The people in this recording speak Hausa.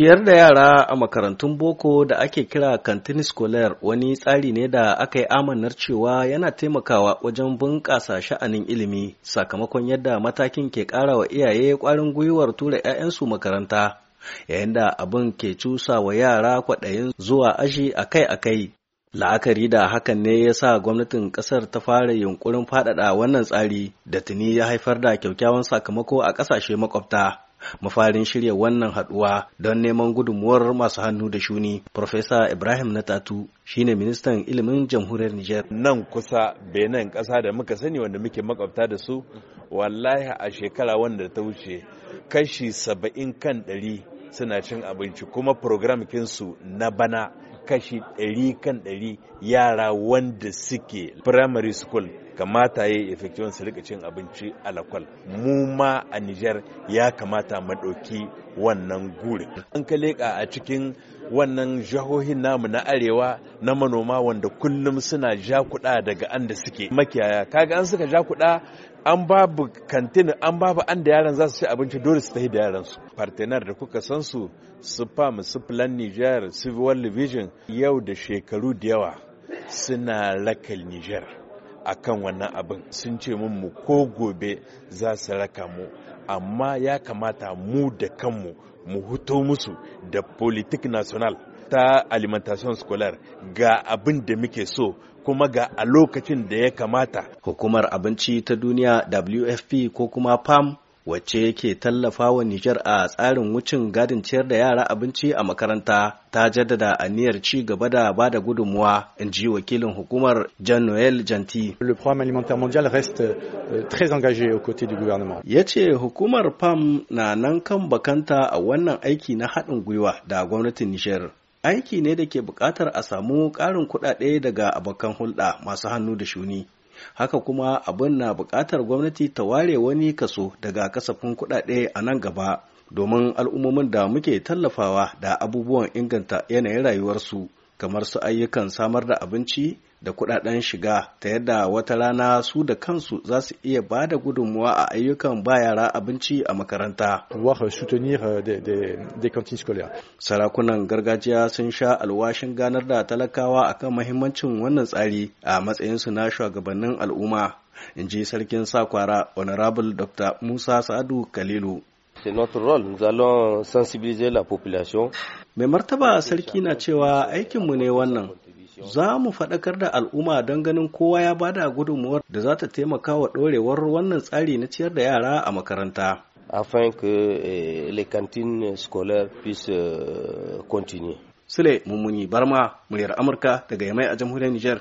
Ciyar da yara a makarantun boko da ake kira kantin scolaire wani tsari ne da aka yi amannar cewa yana taimakawa wajen bunƙasa sha'anin ilimi sakamakon yadda matakin ke ƙara wa iyaye ƙwarin gwiwar tura 'ya'yansu makaranta yayin da abin ke cusa wa yara kwaɗayin zuwa aji akai-akai. La'akari da hakan ne ya sa gwamnatin ƙasar ta fara yunkurin faɗaɗa wannan tsari da tuni ya haifar da kyakkyawan sakamako a ƙasashe makwabta. mafarin shirya wannan haduwa don neman gudunmuwar masu hannu da shuni Profesa Ibrahim Natatu shine ministan ilimin jamhuriyar Nijar. Nan kusa Benin kasa da muka sani wanda muke makwabta da su wallahi a shekara wanda ta wuce kashi saba'in kan ɗari suna cin abinci kuma program kinsu na bana kashi ɗari kan ɗari yara wanda suke primary school kamata ya yi effectively su rika cin abinci alakwal mu ma a Nijar ya kamata mu ɗauki wannan guri an ka leƙa a cikin wannan jihohin namu na arewa na manoma wanda kullum suna jakuɗa daga an da suke makiyaya kaga an suka jakuɗa an babu kantin an babu an yaran za su ci abinci dole su tafi da yaran su partenar da kuka san su su PAM su Plan Niger civil division. yau da shekaru da yawa suna rakal Niger a kan wannan abin sun ce mun mu ko gobe za su raka mu amma ya kamata mu da kanmu mu huto musu da politik national ta alimentation scolaire ga abin da muke so kuma ga a lokacin da ya kamata hukumar abinci ta duniya wfp ko kuma pam wacce yake tallafa wa Nijar a tsarin wucin gadin ciyar da yara abinci a makaranta ta jaddada aniyar ci gaba da ba da gudunmuwa in ji wakilin hukumar Jean Noel Janti. Le programme alimentaire mondial reste euh, très engagé aux côtés du gouvernement. Ya hukumar PAM na nan kan bakanta a wannan aiki na haɗin gwiwa da gwamnatin Nijar. Aiki ne da ke bukatar a samu ƙarin kuɗaɗe daga abokan hulɗa masu hannu da shuni. haka kuma abin na buƙatar gwamnati ta ware wani kaso daga kasafin kuɗaɗe a nan gaba domin al'ummomin da muke tallafawa da abubuwan inganta yanayin rayuwarsu kamar su ayyukan samar da abinci da kudaden shiga ta yadda wata rana su da kansu za su iya ba da gudunmuwa a ayyukan ba yara abinci a makaranta. Euh, euh, Sarakunan gargajiya sun sha alwashin ganar da talakawa akan mahimmancin wannan tsari a matsayinsu na shugabannin al'umma. In ji sarkin sakwara Honorable Dr. Musa Sadu Kalilu. C'est notre rôle, Mai martaba sarki na cewa aikinmu ne wannan, Za mu faɗakar da al'umma don ganin kowa ya bada gudunmuwar da za ta taimaka wa ɗorewar wannan tsari na ciyar da yara a makaranta. afin que le eh, les cantines scolaires euh, continuer. Sule Mummuni Barma, muryar Amurka daga Yamai a jamhuriyar Nijar.